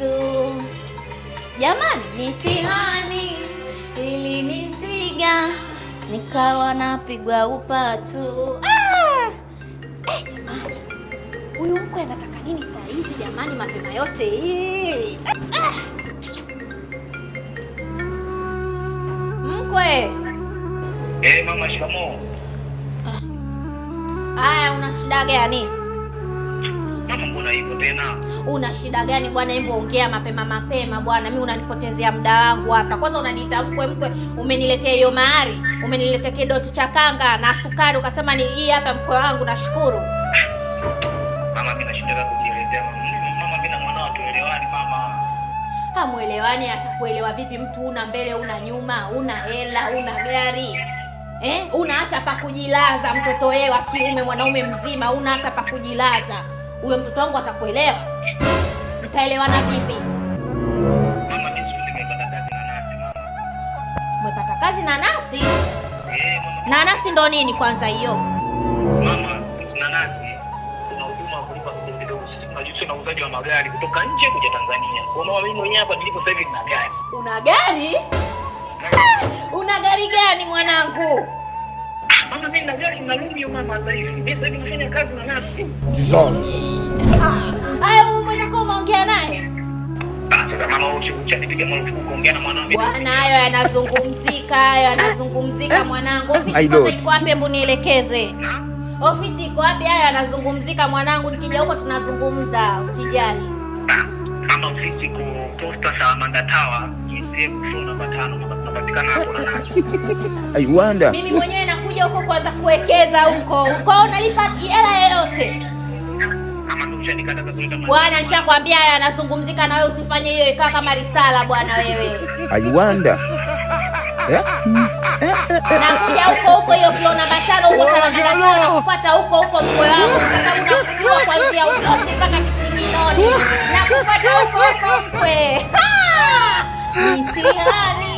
Yesu jamani, mitihani ili nipiga nikawa napigwa upatu. Ah! Eh, huyu mkwe anataka nini saa hizi jamani, mapema yote hii ah! Mkwe eh, mama shikamoo. Ah. Haya, una shida gani? tena hivyo tena. Una shida gani bwana? Hebu ongea mapema mapema bwana, mimi unanipotezea muda wangu hapa. Kwanza unaniita mkwe mkwe, umeniletea hiyo mahari, umeniletea kidoti cha kanga na sukari, ukasema ni hii hapa mkwe wangu. Nashukuru mama, mimi nashinda mama, mimi na mama Hamwelewani? Atakuelewa vipi mtu una mbele una nyuma, una hela una gari eh? una hata pa kujilaza mtoto wewe wa kiume, mwanaume mzima, una hata pa kujilaza huyo mtoto wangu atakuelewa. Mtaelewana vipi? Umepata kazi na nasi ndo nini kwanza hiyo? Uuzaji wa magari kutoka nje kuja Tanzania. Unaona mimi mwenyewe hapa nilipo sasa hivi nina gari. Una gari? Una gari gani mwanangu? Mama, mimi na gari maalum hiyo mama dhaifu. Mimi sasa nafanya kazi na nafsi. Jizozi. Ah, haya, umeenda kwa maongea naye? Ah, sasa mama, usikucha nipige marufuku kuongea na mwanangu. Bwana, hayo yanazungumzika, hayo yanazungumzika ah. mwanangu. Ofisi iko wapi? Hebu nielekeze. Ofisi iko wapi? Hayo yanazungumzika mwanangu. Nikija huko tunazungumza, usijali. Mama, ofisi iko Posta Samanda Tower, GSM 05 tunapatikana hapo na nani? Aiwanda. Mimi mwenyewe unakuja huko kwanza kuwekeza huko huko, unalipa hela yoyote bwana. Nishakwambia haya anazungumzika na wewe, usifanye hiyo ikaa kama risala bwana. Wewe aiwanda eh? eh, eh, nakuja huko huko, hiyo floor namba tano huko salamana nakufuata huko huko mkoe wangu, sababu nakujua kuanzia Utosi mpaka Kisiminoni nakufuata huko huko mkwe mtihani